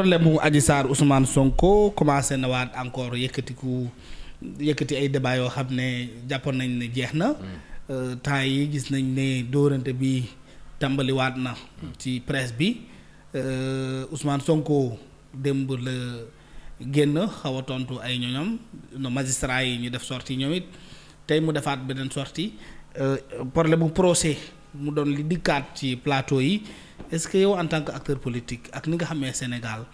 problème mu Adji saar Ousmane Sonko commencé na waat encore yëkkatiku yëkkati ay débat yoo xam ne jàppoon nañ ne jeex na. Mm. Euh, temps yi gis nañ ne doorante bi tàmbaliwaat na. Mm. ci presse bi euh, usmaan Sonko démb la génn xaw a tontu ay ñoñom no magistrat yi ñu def sortie ñoom it tey mu defaat beneen sortie euh, problème mu procès mu doon li dikkaat ci plateau yi. est-ce que yow en tant que acteur politique ak ni nga xamee Sénégal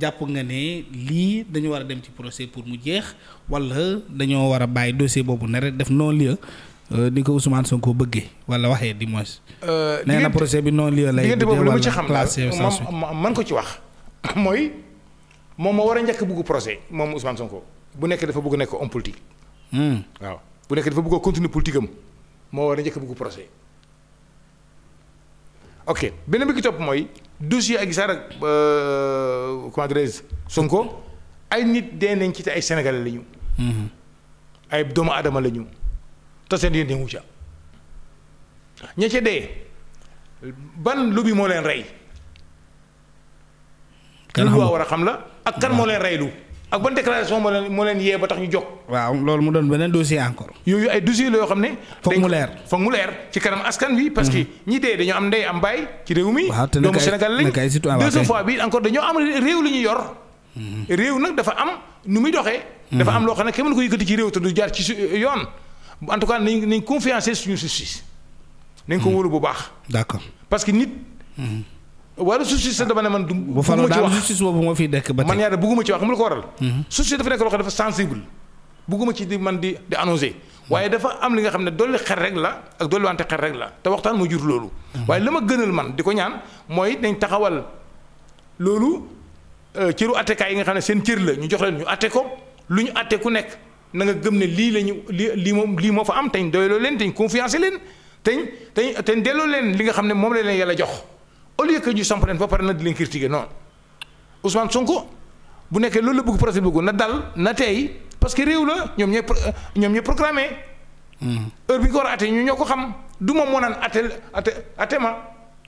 jàpp nga ne lii dañu war a dem ci procès pour mu jeex wala dañoo war a bàyyi dossier boobu ne def non-lieu euh, ni ko Ousmane Sonko bëggee wala waxee di moins. Euh, nee na procès bi non-lieu lay. diggante boobu li ma ci xam man ko ci wax. mooy moom moo war a njëkk bëgg procès moom Ousmane Sonko bu nekk dafa bëgg nekk homme politique. Hmm. waaw bu nekk dafa bëgg continuer politique moo war a njëkk bëgg procès. ok beneen bi ki topp mooy dossier ak Sarr ak euh, comment dirais-je Sonko ay nit dee nañ ci te ay sénégalais la ñu. Mhm. ay doomu aadama la ñu te seen yéen wu ca dee ban lobby moo leen rey. kan lu waa war a xam la ak kan moo leen reylu. ak ban déclaration moo leen moo leen yee ba tax ñu jóg. waaw loolu mu doon beneen dossier encore. yooyu ay dossier la yoo xam ne. foog mu leer foog mu leer ci kanam askan wi. parce que mm-hmm. ñi dee dañoo am ndey am baay ci réew mi. waaw te doomu Sénégal lañ deuxième fois bi encore dañoo am réew li ñu yor. Mm-hmm. réew nag dafa am nu muy doxee. dafa am mm-hmm. loo xam ne kenn mënu ko yëkkati ci réew te du jaar ci yoon. en tout cas nañ nañ confiance suñu justice. nañ ko wóolu bu baax. d'accord parce que nit. wala justice sax dama ne man du. bu faloo daal justice boobu moo fi dekk ba tey man yaa ne bugguma ci wax dafa nekk loo dafa sensible bugguma ci di man di di annoncé. waaye dafa am li nga xam ne dolli xel rek la ak dolli wante xel rek la te waxtaan moo jur loolu. waaye la ma gënal man di ko ñaan mooy dañ taxawal loolu euh, cëru attekaay yi nga xam ne seen cër la ñu jox leen ñu atte ko lu ñu àtte ku nekk na nga gëm ne lii la ñu lii lii moom lii moo fa am teñ doyloo leen teñ confiance leen teñ teñ teñ delloo leen li nga xam ne moom la leen yàlla jox au lieu que ñu samp leen ba pare na di leen critiquer non Ousmane Sonko bu nekkee loolu la bëgg procès bëgg na dal na tey parce que réew la ñoom ñooy ñoom ñooy programmé. Hmm. heure bi ko war a atte ñoo ko xam du moom moo naan atte atte atte ma.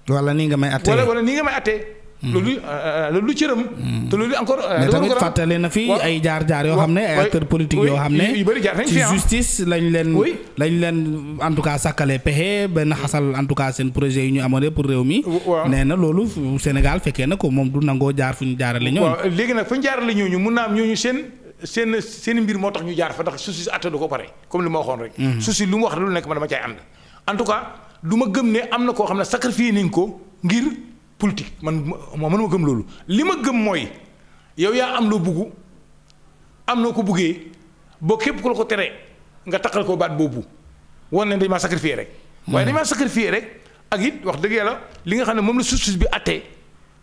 wala nii nga may atte wala nii nga may atte. loolu euh, euh, loolu lu cëram. Mm. te loolu encore. Euh, mais tamit na fi ay jaar jaar yoo xam ne ay acteurs politiques yoo xam ne. yu bëri jaar ci ah. justice lañ leen. lañ leen en tout cas sàkkale pexe benn xasal en tout cas seen projet yi ñu amoon pour réew mi. waaw nee na loolu Sénégal moom du nangoo jaar fu ñu jaarale ñooñu. waaw léegi nag fu ñu jaarale ñooñu mun naa am seen. seen seen mbir moo tax ñu jaar fa ndax suuf si àtte du ko pare comme li ma waxoon rek. Mm-hmm. suuf si lu mu wax lu nekk ma dama cay ànd. en tout du ma gëm ne am na koo xam ne sacrifié nañ ko ngir politique man ma mënuma gëm loolu li ma gëm mooy yow yaa am loo bugg am noo ko buggee boo képp ku la ko tere nga taqal ko baat boobu wan ne dañ maa sacrifier rek. waaye dañ maa sacrifier rek ak it wax dëgg yàlla li nga xam ne moom la justice bi àttee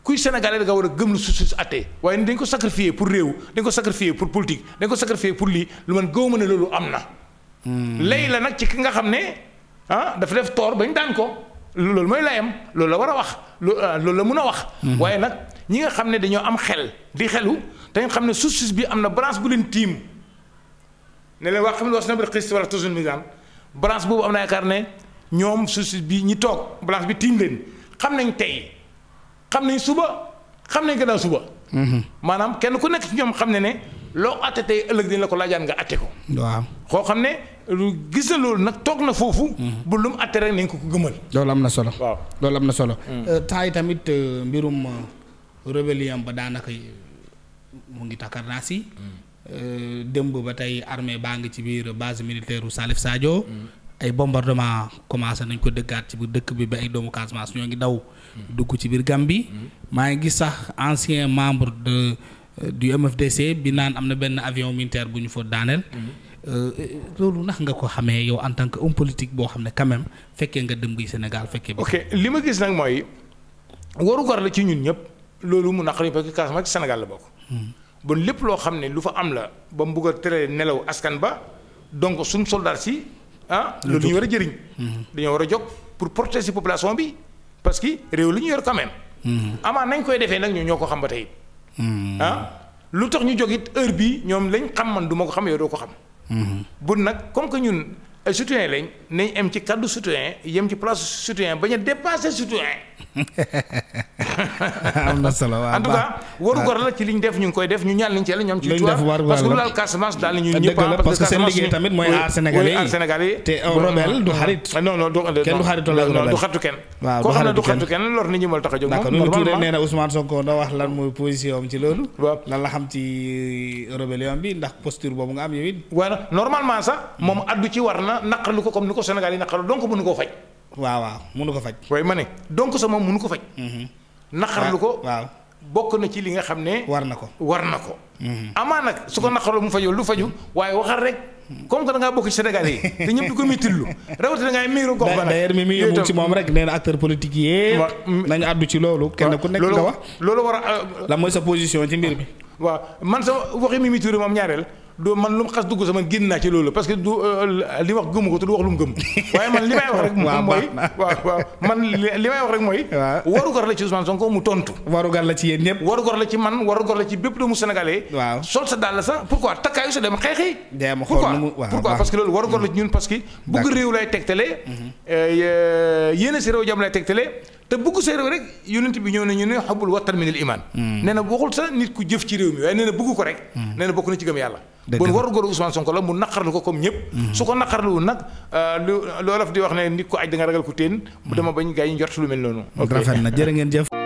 kuy sénégalais da nga war a gëm la justice àttee waaye ni dañ ko sacrifier pour réew dañ ko sacrifier pour politique dañ ko sacrifier pour lii lu man gëw ma ne loolu am na. Hmm. lay la nag ci ki nga xam ne ah dafa def tort bañ daan ko. loolu mooy layam loolu la war a wax euh, loolu la mun a wax. Mhm. waaye nag ñi nga xam ne dañoo am xel di xelu te nga xam ne suuf bi am na branche bu leen tiim ne leen wax xam ne wax na bi walla wala toujours misaan branche boobu am na yaakaar ne ñoom suuf bi ñi toog branche bi tiim leen xam nañ tey xam nañ suba xam gën a suba. Mhm. maanaam kenn ku nekk ci ñoom xam ne ne. loo atte tey ëllëg dina ko laajaan nga atte ko. waaw koo xam ne gis na loolu nag toog na foofu. Mhm. bu lu mu atte rek nañ ko ko gëmal. loolu am na solo. waaw loolu am na solo. Mhm. Euh, temps yi tamit euh, mbirum euh, rébellion ba daanaka mu ngi takkar naa si. Mhm. démb ba tey armée baa ngi ci biir base militaire u Salif Sadio. ay bombardement commencé nañ ko dëkkaat ci biir dëkk bi ba ay doomu Casamance ñoo ngi daw. dugg ci biir Gambie. maa ngi gis sax ancien membre du MFDC bi naan am na benn avion militaire bu ñu fa daaneel. Mhm. Euh, loolu nax nga ko xamee yow en tant que homme politique boo xam ne quand fekkee nga dem gi Sénégal fekkee. ok li ma gis nag mooy waru gar la ci ñun ñëpp loolu mun a parce que Casamance Sénégal la bokk. Hmm. bon lépp loo xam ne lu fa am la ba mu bugg a nelaw askan ba donc suñu soldat si ah. loolu ñu war a jëriñ. Hmm. dañoo war a jóg pour protéger population bi parce que réew li ñu yor quand même. Hmm. nañ koy defee nag ñoo ko xam ba tey. Hmm. ah lu tax ñu jóg it heure bii ñoom lañ xam man du ko xam yow doo ko xam. Hmm. bu nag comme que ñun ay citoyen lañ nañ am ci kaddu citoyen yem ci place citoyen bañ a dépasser citoyen am na solo waaw en tout la ci liñ def ñu ngi koy def ñu ñaan liñ ci yàlla ñoom ci victoire parce que lu laal Casamance daal ñun ñëpp ah, parce que seen liggéey yi te rebelle du xarit kenn du xaritu la du xaritu kenn waaw nit ñi mal tax a jóg d'accord Mimi Touré nee na Ousmane Sonko da wax lan mooy position ci loolu lan la xam ci rébellion bi ndax posture boobu nga am yow it waaw normalement sax moom addu ci war na naqarlu ko comme ni ko Sénégal yi naqarlu donc koo waaw waaw mënu ko faj. waaye ma ne donc sa moom mënu ko faj. Mhm. naqarlu ko waaw bokk na ci li nga xam ne. war na ko war na ko. Mhm. amaa nag su ko naqarlu mu fajoo lu faju waaye waxal rek. comme que da ngaa bokk ci Sénégal yi te ñëpp di ko mitillu rawatina ngay miiru gox ba nag. d'ailleurs mi mi yóbbu moom rek nee na acteur politique yépp nañu àddu loolu. kenn ku nekk nga wax loolu war a. Euh, la mooy sa position ci mbir mi waaw man sa waxi Mimi moom ñaareel. doo man lu mu xas dugg sa man génn naa ci loolu parce que du euh, euh, li wax gëmu ko te du wax lu mu gëm waaye man li may wax rek. waaw mooy waaw waaw man li may wax rek mooy. warugar la ci Ousmane Sonko mu tontu. warugar la ci yéen ñëpp. warugar la ci man warugar la ci bépp doomu Sénégalais. waaw sol sa dàll sa pourquoi takkaayu sa dem xeexi. dem xool nu parce que loolu warugar la ci ñun parce que. bëgg réew lay tegtale. Mhm. Euh, yéen a si réew jam lay tegtale. te bëgg sa réew rek yonent bi ñëw nañu ne xabul wattan minal iman hmm. nee na waxul sa nit ku jëf ci réew mi waaye nee na bëgg ko rek hmm. nee na bokk na ci gëm yàlla bon waru góor Ousmane Sonko la mu naqarlu ko comme ñëpp hmm. su ko naqarluwul nag euh, lu loolof di wax ne nit ko aj da ragal ku téen dama bañ gaa yi njort mel noonu rafet na jërë ngeen jëf